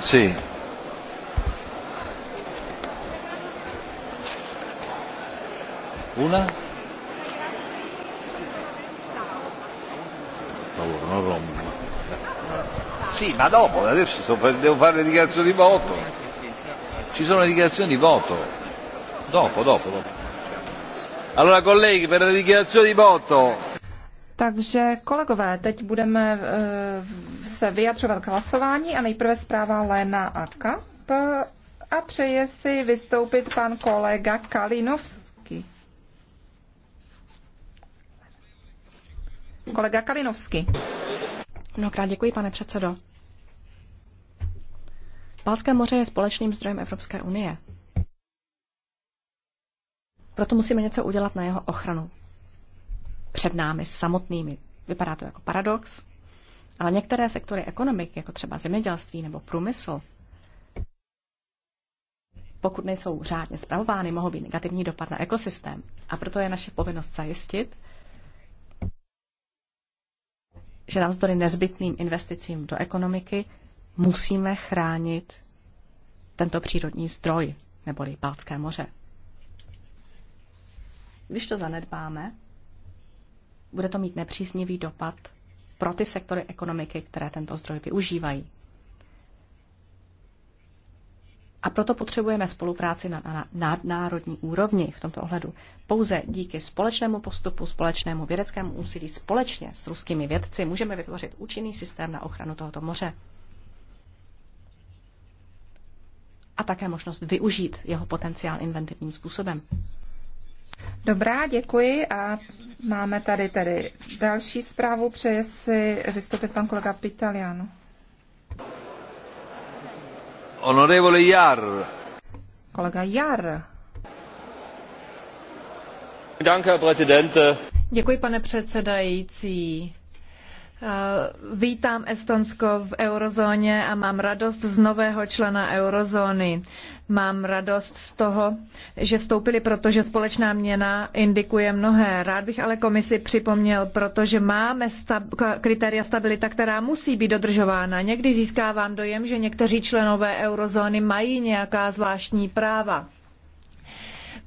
Sí. Una. Allora, non rompo. Sì, ma dopo, adesso sto per, devo fare le dichiarazioni di voto. Ci sono le dichiarazioni di voto. Dopo, dopo, dopo. Allora, colleghi, per le dichiarazioni di voto. Takže kolegové, teď budeme uh, se vyjadřovat k hlasování a nejprve zpráva Léna Kap a přeje si vystoupit pan kolega Kalinovský. Kolega Kalinovský. Mnohokrát děkuji, pane předsedo. Balské moře je společným zdrojem Evropské unie. Proto musíme něco udělat na jeho ochranu. Před námi samotnými. Vypadá to jako paradox, ale některé sektory ekonomiky, jako třeba zemědělství nebo průmysl, pokud nejsou řádně zpravovány, mohou být negativní dopad na ekosystém. A proto je naše povinnost zajistit, že navzdory nezbytným investicím do ekonomiky musíme chránit tento přírodní zdroj, neboli Balcké moře. Když to zanedbáme, bude to mít nepříznivý dopad pro ty sektory ekonomiky, které tento zdroj využívají. A proto potřebujeme spolupráci na, na nadnárodní úrovni v tomto ohledu. Pouze díky společnému postupu, společnému vědeckému úsilí společně s ruskými vědci můžeme vytvořit účinný systém na ochranu tohoto moře. A také možnost využít jeho potenciál inventivním způsobem. Dobrá, děkuji a máme tady tedy další zprávu. Přeje si vystoupit pan kolega Pitaliano. Honorevole Jar. Kolega Jar. Děkuji, pane předsedající Eh, vítám Estonsko v eurozóně a mám radost z nového člena eurozóny. Mám radost z toho, že vstoupili, protože společná měna indikuje mnohé. Rád bych ale komisi připomněl, protože máme stab- kritéria stabilita, která musí být dodržována. Někdy získávám dojem, že někteří členové eurozóny mají nějaká zvláštní práva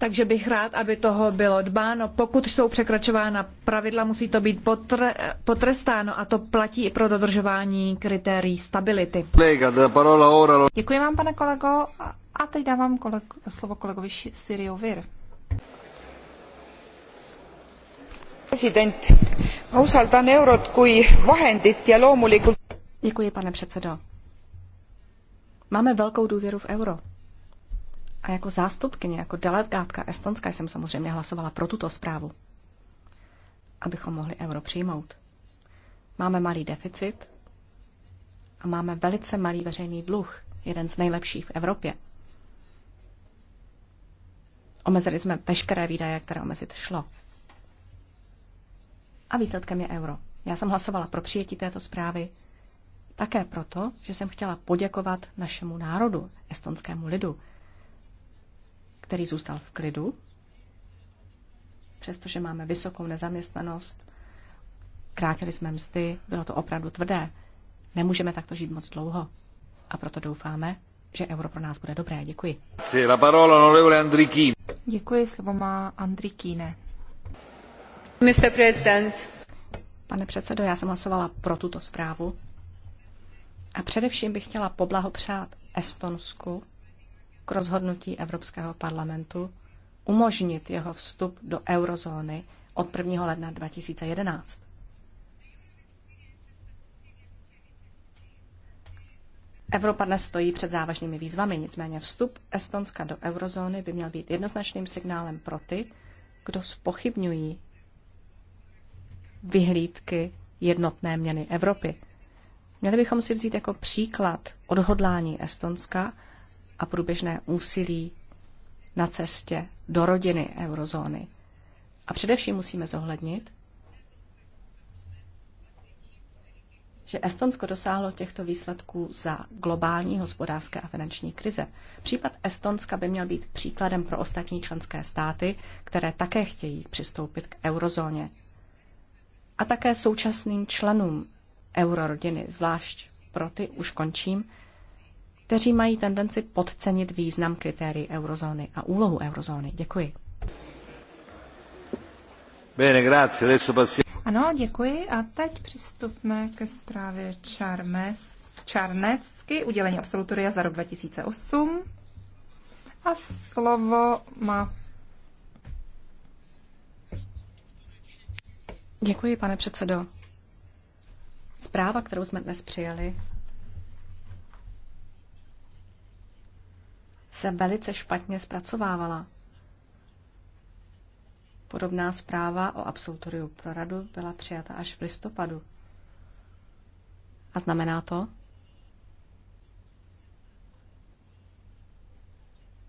takže bych rád, aby toho bylo dbáno. Pokud jsou překračována pravidla, musí to být potre, potrestáno a to platí i pro dodržování kritérií stability. Děkuji vám, pane kolego. A teď dávám kolego, slovo kolegovi Sirio Vir. Děkuji, pane předsedo. Máme velkou důvěru v euro. A jako zástupkyně, jako delegátka Estonska jsem samozřejmě hlasovala pro tuto zprávu, abychom mohli euro přijmout. Máme malý deficit a máme velice malý veřejný dluh, jeden z nejlepších v Evropě. Omezili jsme veškeré výdaje, které omezit šlo. A výsledkem je euro. Já jsem hlasovala pro přijetí této zprávy také proto, že jsem chtěla poděkovat našemu národu, estonskému lidu, který zůstal v klidu, přestože máme vysokou nezaměstnanost, krátili jsme mzdy, bylo to opravdu tvrdé. Nemůžeme takto žít moc dlouho. A proto doufáme, že euro pro nás bude dobré. Děkuji. Děkuji, slovo má Kine. Mr. President. Pane předsedo, já jsem hlasovala pro tuto zprávu. A především bych chtěla poblahopřát Estonsku rozhodnutí Evropského parlamentu umožnit jeho vstup do eurozóny od 1. ledna 2011. Evropa dnes stojí před závažnými výzvami, nicméně vstup Estonska do eurozóny by měl být jednoznačným signálem pro ty, kdo spochybňují vyhlídky jednotné měny Evropy. Měli bychom si vzít jako příklad odhodlání Estonska a průběžné úsilí na cestě do rodiny eurozóny. A především musíme zohlednit, že Estonsko dosáhlo těchto výsledků za globální hospodářské a finanční krize. Případ Estonska by měl být příkladem pro ostatní členské státy, které také chtějí přistoupit k eurozóně. A také současným členům eurorodiny, zvlášť pro ty už končím, kteří mají tendenci podcenit význam kritérií eurozóny a úlohu eurozóny. Děkuji. Bene, grazie. Ano, děkuji. A teď přistupme ke zprávě Čarmes, Čarnecky, udělení absolutoria za rok 2008. A slovo má Děkuji, pane předsedo. Zpráva, kterou jsme dnes přijali, se velice špatně zpracovávala. Podobná zpráva o absolutoriu pro radu byla přijata až v listopadu. A znamená to,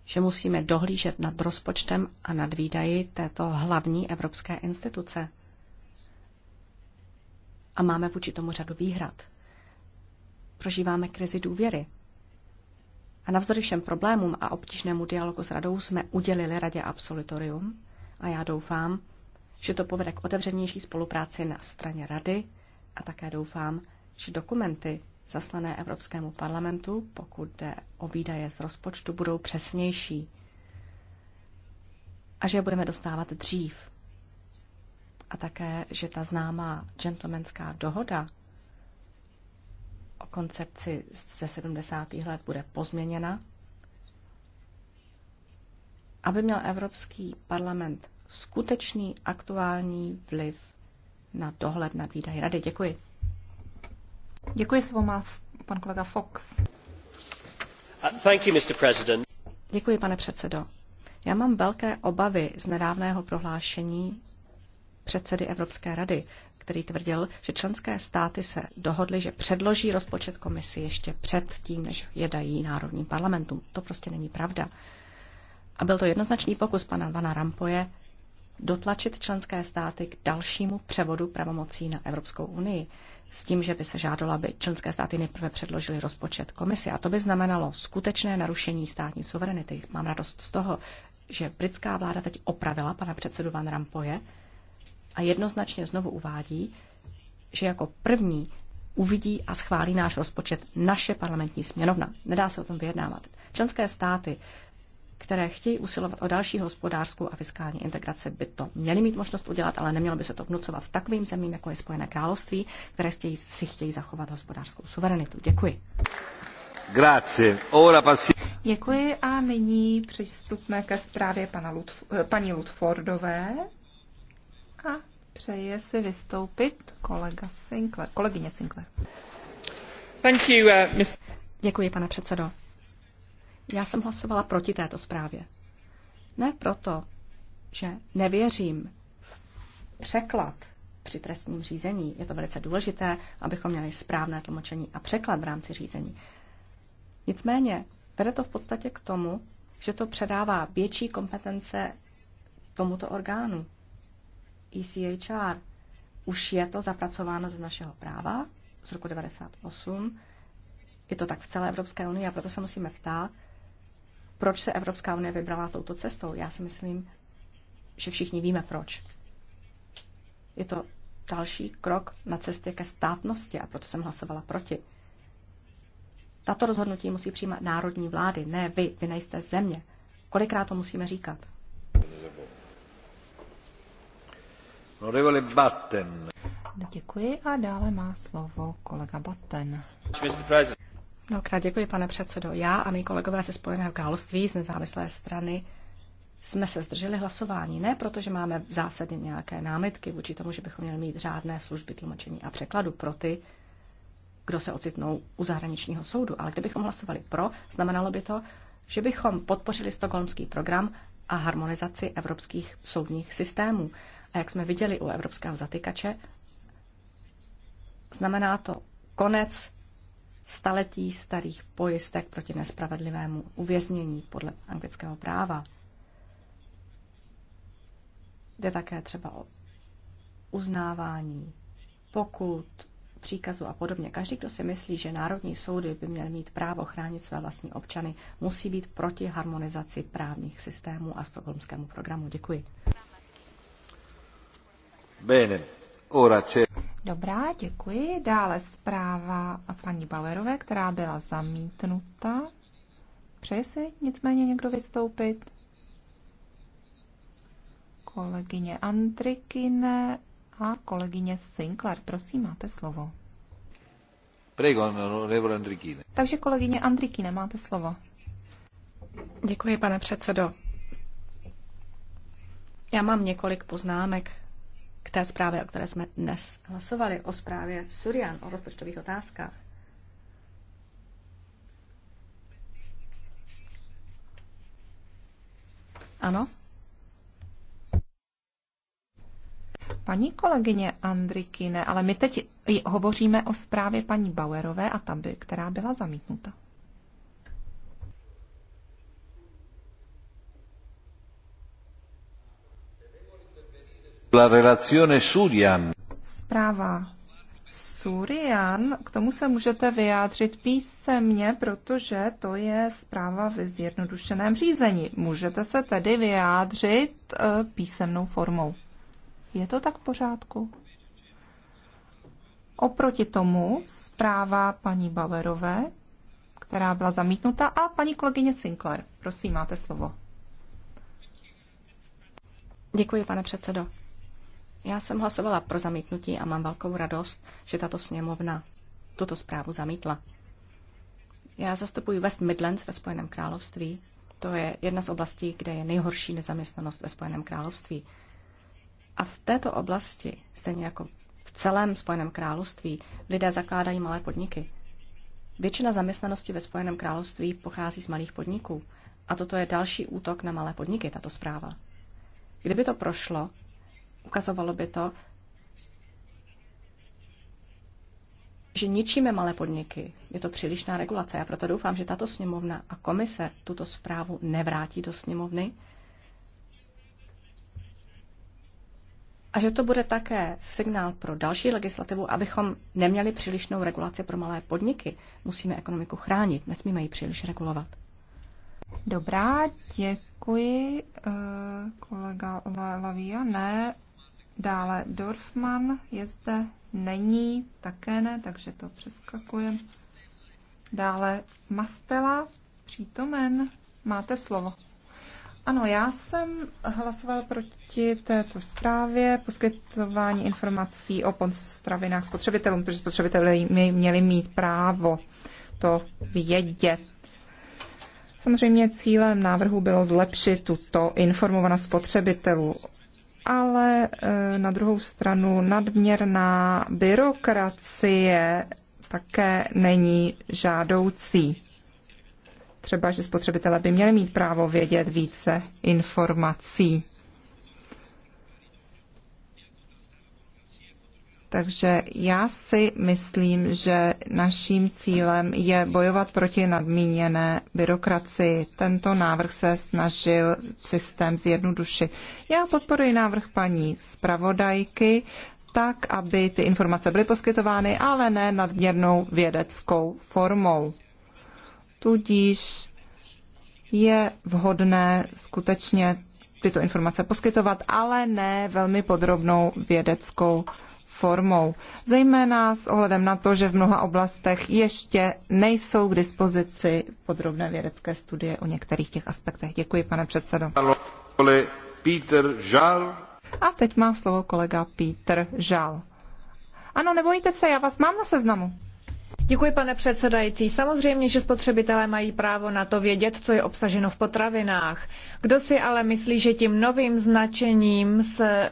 že musíme dohlížet nad rozpočtem a nad výdaji této hlavní evropské instituce. A máme vůči tomu řadu výhrad. Prožíváme krizi důvěry. A navzdory všem problémům a obtížnému dialogu s radou jsme udělili radě absolutorium a já doufám, že to povede k otevřenější spolupráci na straně rady a také doufám, že dokumenty zaslané Evropskému parlamentu, pokud jde o výdaje z rozpočtu, budou přesnější a že je budeme dostávat dřív. A také, že ta známá gentlemanská dohoda koncepci ze 70. let bude pozměněna, aby měl Evropský parlament skutečný aktuální vliv na dohled nad výdaje. rady. Děkuji. Děkuji, slovo má pan kolega Fox. Uh, thank you, Mr. President. Děkuji, pane předsedo. Já mám velké obavy z nedávného prohlášení předsedy Evropské rady, který tvrdil, že členské státy se dohodly, že předloží rozpočet komisi ještě před tím, než je dají národním parlamentům. To prostě není pravda. A byl to jednoznačný pokus pana Vana Rampoje dotlačit členské státy k dalšímu převodu pravomocí na Evropskou unii s tím, že by se žádalo, aby členské státy nejprve předložily rozpočet komisi. A to by znamenalo skutečné narušení státní suverenity. Mám radost z toho, že britská vláda teď opravila pana předsedu Van Rampoje a jednoznačně znovu uvádí, že jako první uvidí a schválí náš rozpočet naše parlamentní směnovna. Nedá se o tom vyjednávat. Členské státy, které chtějí usilovat o další hospodářskou a fiskální integraci, by to měly mít možnost udělat, ale nemělo by se to vnucovat takovým zemím, jako je Spojené království, které chtějí, si chtějí zachovat hospodářskou suverenitu. Děkuji. Grazie. Ora passi... Děkuji a nyní přistupme ke zprávě pana Lutf- eh, paní Ludfordové. A přeje si vystoupit kolega Sinclair, kolegyně Sinclair. Thank you, uh, Mr. Děkuji, pane předsedo. Já jsem hlasovala proti této zprávě. Ne proto, že nevěřím v překlad při trestním řízení. Je to velice důležité, abychom měli správné tlumočení a překlad v rámci řízení. Nicméně vede to v podstatě k tomu, že to předává větší kompetence tomuto orgánu, ECHR. Už je to zapracováno do našeho práva z roku 98. Je to tak v celé Evropské unii a proto se musíme ptát, proč se Evropská unie vybrala touto cestou. Já si myslím, že všichni víme proč. Je to další krok na cestě ke státnosti a proto jsem hlasovala proti. Tato rozhodnutí musí přijímat národní vlády, ne vy, vy nejste země. Kolikrát to musíme říkat? Děkuji a dále má slovo kolega Batten. Mnohokrát děkuji, pane předsedo. Já a mý kolegové ze Spojeného království z nezávislé strany jsme se zdrželi hlasování. Ne proto, že máme v zásadě nějaké námitky vůči tomu, že bychom měli mít řádné služby tlumočení a překladu pro ty, kdo se ocitnou u zahraničního soudu. Ale kdybychom hlasovali pro, znamenalo by to, že bychom podpořili stokholmský program a harmonizaci evropských soudních systémů. A jak jsme viděli u evropského zatykače, znamená to konec staletí starých pojistek proti nespravedlivému uvěznění podle anglického práva. Jde také třeba o uznávání pokud, příkazu a podobně. Každý, kdo si myslí, že národní soudy by měly mít právo chránit své vlastní občany, musí být proti harmonizaci právních systémů a stokholmskému programu. Děkuji. Bene. Ora c'è. Dobrá, děkuji. Dále zpráva paní Bauerové, která byla zamítnuta. Přeje si nicméně někdo vystoupit? Kolegyně Andrikine a kolegyně Sinclair, prosím, máte slovo. Prego, nebo Andrikine. Takže kolegyně Andrikine, máte slovo. Děkuji, pane předsedo. Já mám několik poznámek k té zprávě, o které jsme dnes hlasovali, o zprávě Surian, o rozpočtových otázkách. Ano? Paní kolegyně Andrikine, ale my teď hovoříme o zprávě paní Bauerové a ta by, která byla zamítnuta. La relazione Surian. Zpráva Surian, k tomu se můžete vyjádřit písemně, protože to je zpráva ve zjednodušeném řízení. Můžete se tedy vyjádřit eh, písemnou formou. Je to tak v pořádku? Oproti tomu zpráva paní Bauerové, která byla zamítnuta, a paní kolegyně Sinclair. Prosím, máte slovo. Děkuji, pane předsedo. Já jsem hlasovala pro zamítnutí a mám velkou radost, že tato sněmovna tuto zprávu zamítla. Já zastupuji West Midlands ve Spojeném království. To je jedna z oblastí, kde je nejhorší nezaměstnanost ve Spojeném království. A v této oblasti, stejně jako v celém Spojeném království, lidé zakládají malé podniky. Většina zaměstnanosti ve Spojeném království pochází z malých podniků. A toto je další útok na malé podniky, tato zpráva. Kdyby to prošlo, Ukazovalo by to, že ničíme malé podniky. Je to přílišná regulace. Já proto doufám, že tato sněmovna a komise tuto zprávu nevrátí do sněmovny a že to bude také signál pro další legislativu, abychom neměli přílišnou regulaci pro malé podniky. Musíme ekonomiku chránit, nesmíme ji příliš regulovat. Dobrá, děkuji, eh, kolega Lavia. Ne, Dále Dorfman je zde není, také ne, takže to přeskakuje. Dále Mastela, přítomen, máte slovo. Ano, já jsem hlasovala proti této zprávě poskytování informací o postravinách spotřebitelům, protože spotřebitelé měli mít právo to vědět. Samozřejmě cílem návrhu bylo zlepšit tuto informovanost spotřebitelů ale eh, na druhou stranu nadměrná byrokracie také není žádoucí. Třeba, že spotřebitelé by měli mít právo vědět více informací. Takže já si myslím, že naším cílem je bojovat proti nadmíněné byrokracii. Tento návrh se snažil systém zjednodušit. Já podporuji návrh paní zpravodajky, tak, aby ty informace byly poskytovány, ale ne nadměrnou vědeckou formou. Tudíž je vhodné skutečně tyto informace poskytovat, ale ne velmi podrobnou vědeckou formou, zejména s ohledem na to, že v mnoha oblastech ještě nejsou k dispozici podrobné vědecké studie o některých těch aspektech. Děkuji, pane předsedo. A teď má slovo kolega Peter Žal. Ano, nebojte se, já vás mám na seznamu. Děkuji, pane předsedající. Samozřejmě, že spotřebitelé mají právo na to vědět, co je obsaženo v potravinách. Kdo si ale myslí, že tím novým značením se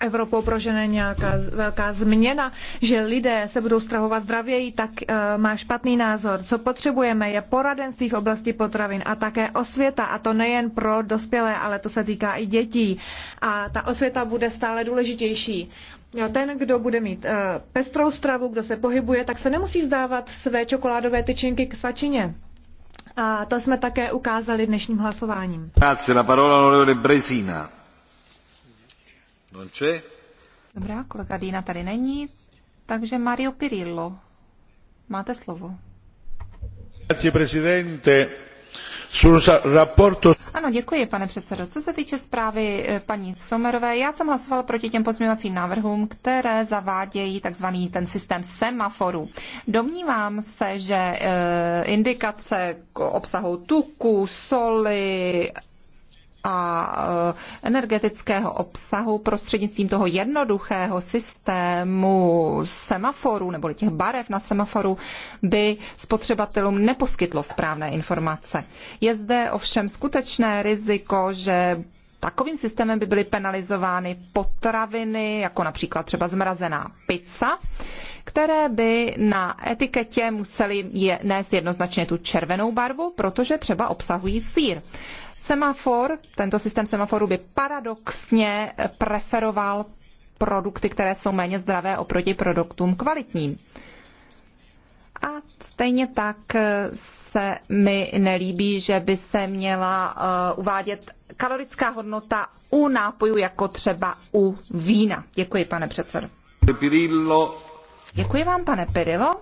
Evropou prožene nějaká velká změna, že lidé se budou strahovat zdravěji, tak eh, má špatný názor. Co potřebujeme je poradenství v oblasti potravin a také osvěta, a to nejen pro dospělé, ale to se týká i dětí. A ta osvěta bude stále důležitější. Ten, kdo bude mít eh, pestrou stravu, kdo se pohybuje, tak se nemusí vzdávat své čokoládové tyčinky k svačině. A to jsme také ukázali dnešním hlasováním. Grazie, la parola Non c'è. Dobrá, kolega Dina tady není, takže Mario Pirillo, máte slovo. Grazie, presidente. Ano, děkuji, pane předsedo. Co se týče zprávy eh, paní Somerové, já jsem hlasoval proti těm pozměňovacím návrhům, které zavádějí takzvaný ten systém semaforu. Domnívám se, že eh, indikace obsahu tuku, soli, a e, energetického obsahu prostřednictvím toho jednoduchého systému semaforu nebo těch barev na semaforu by spotřebatelům neposkytlo správné informace. Je zde ovšem skutečné riziko, že Takovým systémem by byly penalizovány potraviny, jako například třeba zmrazená pizza, které by na etiketě musely je, nést jednoznačně tu červenou barvu, protože třeba obsahují sír. Semafor, tento systém semaforu by paradoxně preferoval produkty, které jsou méně zdravé oproti produktům kvalitním. A stejně tak se mi nelíbí, že by se měla uh, uvádět kalorická hodnota u nápojů jako třeba u vína. Děkuji, pane předsedo. Pirillo. Děkuji vám, pane Pirilo.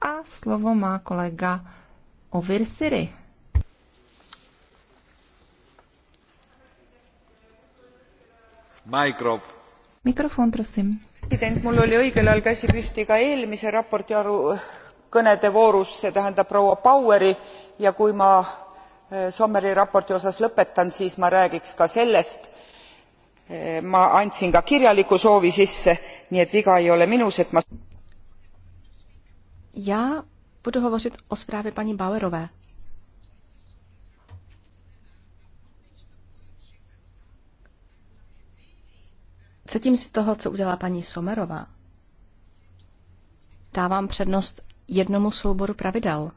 A slovo má kolega Ovir Siri. Mikrofon, prosím. president mul oli õigel ajal käsi püsti ka eelmise raporti kõnede voorus see tähendab proua baueri ja kui ma äh, sommeri raporti osas lõpetan siis ma räägiks ka sellest äh, ma andsin ka kirjaliku soovi sisse nii et viga ei ole minus et ma. ja budu hovořit o zprávě paní Bauerové. Předtím si toho, co udělá paní Somerová, dávám přednost jednomu souboru pravidel.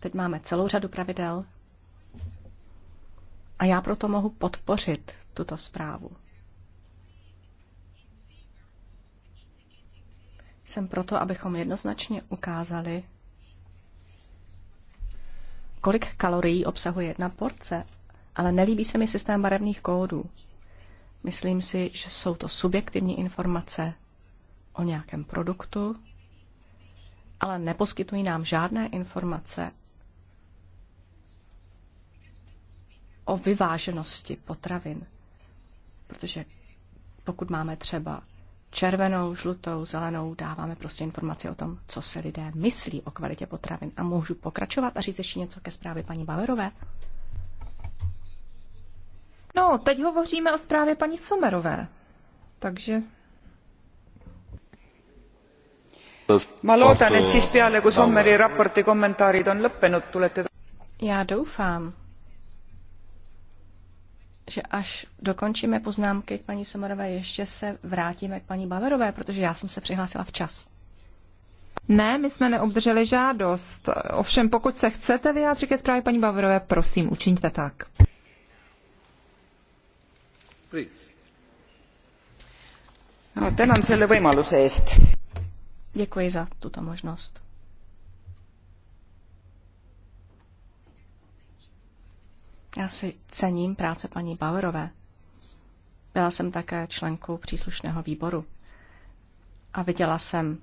Teď máme celou řadu pravidel a já proto mohu podpořit tuto zprávu. Jsem proto, abychom jednoznačně ukázali, kolik kalorií obsahuje jedna porce, ale nelíbí se mi systém barevných kódů. Myslím si, že jsou to subjektivní informace o nějakém produktu, ale neposkytují nám žádné informace o vyváženosti potravin. Protože pokud máme třeba červenou, žlutou, zelenou, dáváme prostě informaci o tom, co se lidé myslí o kvalitě potravin. A můžu pokračovat a říct ještě něco ke zprávě paní Baverové? No, teď hovoříme o zprávě paní Somerové. Takže... Ma loodan, et siis peale, kui Sommeri raporti kommentaarid on lõppenud, tulete... Já doufám, že až dokončíme poznámky k paní Somerové, ještě se vrátíme k paní Baverové, protože já jsem se přihlásila včas. Ne, my jsme neobdrželi žádost. Ovšem, pokud se chcete vyjádřit ke zprávě paní Baverové, prosím, učiňte tak. No, tänan selle võimaluse eest. Děkuji za tuto možnost. Já si cením práce paní Bauerové. Byla jsem také členkou příslušného výboru a viděla jsem,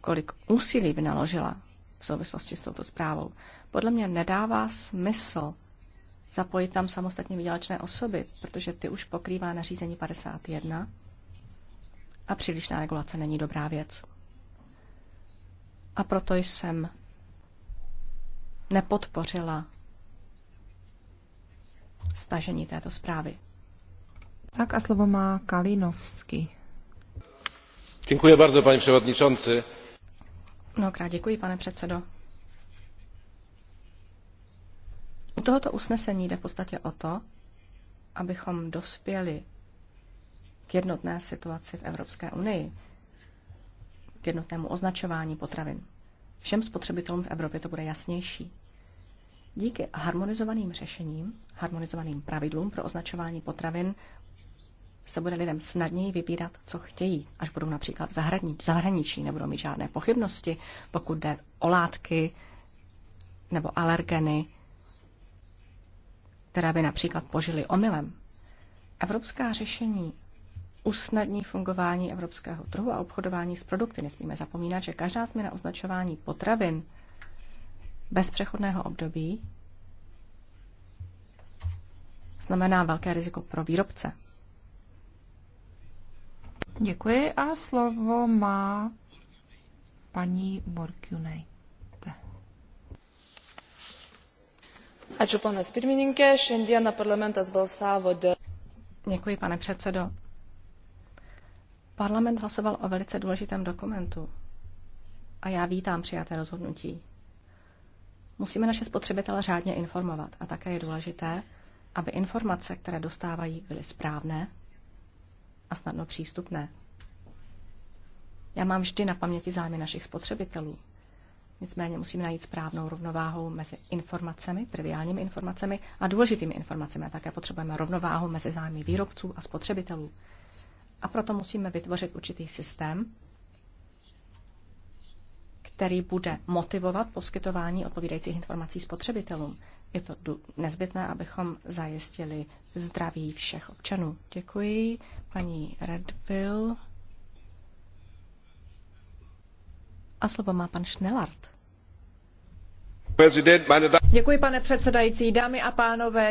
kolik úsilí vynaložila v souvislosti s touto zprávou. Podle mě nedává smysl zapojit tam samostatně vydělečné osoby, protože ty už pokrývá nařízení 51 a přílišná regulace není dobrá věc. A proto jsem nepodpořila stažení této zprávy. Tak a slovo má Kalinovský. Děkuji bardzo, pane předsedající. Mnohokrát děkuji, pane předsedo. U tohoto usnesení jde v podstatě o to, abychom dospěli k jednotné situaci v Evropské unii, k jednotnému označování potravin. Všem spotřebitelům v Evropě to bude jasnější. Díky harmonizovaným řešením, harmonizovaným pravidlům pro označování potravin se bude lidem snadněji vybírat, co chtějí, až budou například v zahraničí, nebudou mít žádné pochybnosti, pokud jde o látky nebo alergeny která by například požili omylem. Evropská řešení usnadní fungování evropského trhu a obchodování s produkty. Nesmíme zapomínat, že každá změna označování potravin bez přechodného období znamená velké riziko pro výrobce. Děkuji a slovo má paní Morkunej. Děkuji, pane předsedo. Parlament hlasoval o velice důležitém dokumentu a já vítám přijaté rozhodnutí. Musíme naše spotřebitele řádně informovat a také je důležité, aby informace, které dostávají, byly správné a snadno přístupné. Já mám vždy na paměti zájmy našich spotřebitelů. Nicméně musíme najít správnou rovnováhu mezi informacemi, triviálními informacemi a důležitými informacemi. A také potřebujeme rovnováhu mezi zájmy výrobců a spotřebitelů. A proto musíme vytvořit určitý systém, který bude motivovat poskytování odpovídajících informací spotřebitelům. Je to nezbytné, abychom zajistili zdraví všech občanů. Děkuji, paní Redville. A slovo má pan Schnellart. Děkuji, pane předsedající. Dámy a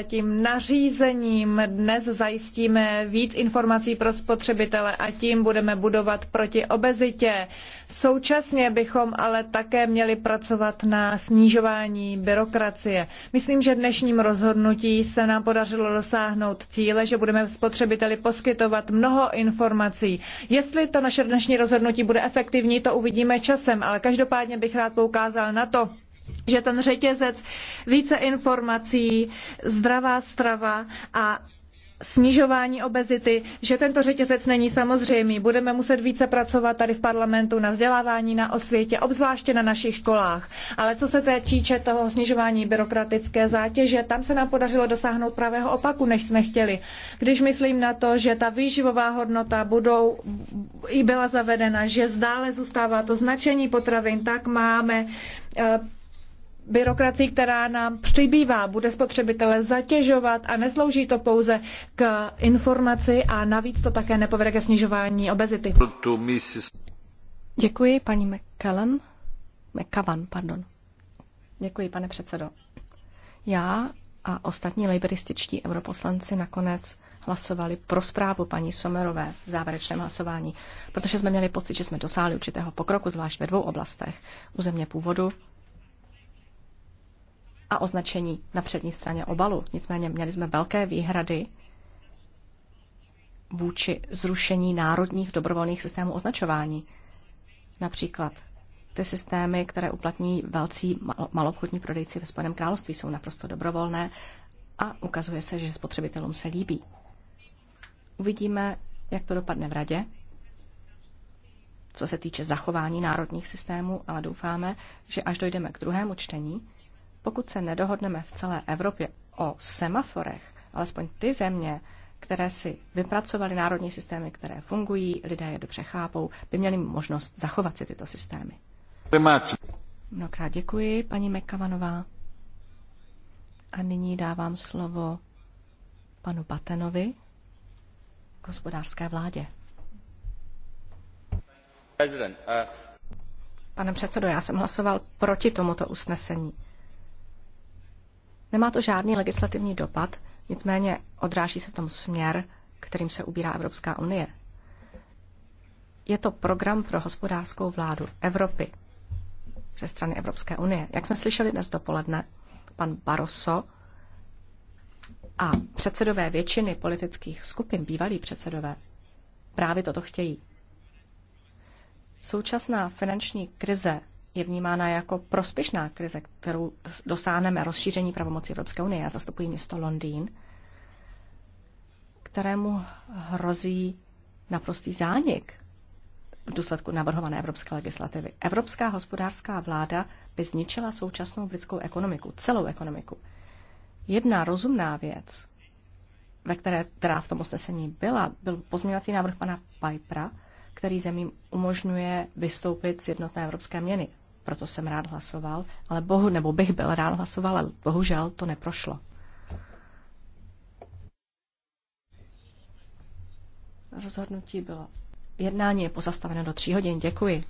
tím nařízením dnes zajistíme více informací pro spotřebitele a tím budeme budovat proti obezitě. Současně bychom ale také měli pracovat na snižování byrokracie. Myslím, že dnešním rozhodnutí se nám podařilo dosáhnout cíle, že budeme spotřebiteli poskytovat mnoho informací. Jestli to naše dnešní rozhodnutí bude efektivní, to uvidíme časem, ale každopádně bych rád poukázal na to, že ten řetězec více informací, zdravá strava a snižování obezity, že tento řetězec není samozřejmý. Budeme muset více pracovat tady v parlamentu na vzdělávání, na osvětě, obzvláště na našich školách. Ale co se týče toho snižování byrokratické zátěže, tam se nám podařilo dosáhnout pravého opaku, než jsme chtěli. Když myslím na to, že ta výživová hodnota budou, i byla zavedena, že zdále zůstává to značení potravin, tak máme eh, byrokracií, která nám přibývá, bude spotřebitele zatěžovat a neslouží to pouze k informaci a navíc to také nepovede ke snižování obezity. Děkuji, paní McCallan. McCavan, pardon. Děkuji, pane předsedo. Já a ostatní laborističtí europoslanci nakonec hlasovali pro zprávu paní Somerové v závěrečném hlasování, protože jsme měli pocit, že jsme dosáhli určitého pokroku, zvlášť ve dvou oblastech. U země původu a označení na přední straně obalu. Nicméně měli jsme velké výhrady vůči zrušení národních dobrovolných systémů označování. Například ty systémy, které uplatní velcí malobchodní prodejci ve Spojeném království, jsou naprosto dobrovolné a ukazuje se, že spotřebitelům se líbí. Uvidíme, jak to dopadne v radě, co se týče zachování národních systémů, ale doufáme, že až dojdeme k druhému čtení, pokud se nedohodneme v celé Evropě o semaforech, alespoň ty země, které si vypracovaly národní systémy, které fungují, lidé je dobře chápou, by měli možnost zachovat si tyto systémy. Mnohokrát děkuji, paní Mekavanová. A nyní dávám slovo panu Batenovi k hospodářské vládě. Uh, Pane předsedo, já jsem hlasoval proti tomuto usnesení. Nemá to žádný legislativní dopad, nicméně odráží se v tom směr, kterým se ubírá Evropská unie. Je to program pro hospodářskou vládu Evropy ze strany Evropské unie. Jak jsme slyšeli dnes dopoledne, pan Barroso a předsedové většiny politických skupin, bývalí předsedové, právě toto chtějí. Současná finanční krize je vnímána jako prospěšná krize, kterou dosáhneme rozšíření pravomocí Evropské unie. Já zastupuji město Londýn, kterému hrozí naprostý zánik v důsledku navrhované evropské legislativy. Evropská hospodářská vláda by zničila současnou britskou ekonomiku, celou ekonomiku. Jedna rozumná věc, ve které, která v tom usnesení byla, byl pozměňovací návrh pana Pipera, který zemím umožňuje vystoupit z jednotné evropské měny proto jsem rád hlasoval, ale bohu, nebo bych byl rád hlasoval, ale bohužel to neprošlo. Rozhodnutí bylo. Jednání je pozastaveno do tří hodin. Děkuji.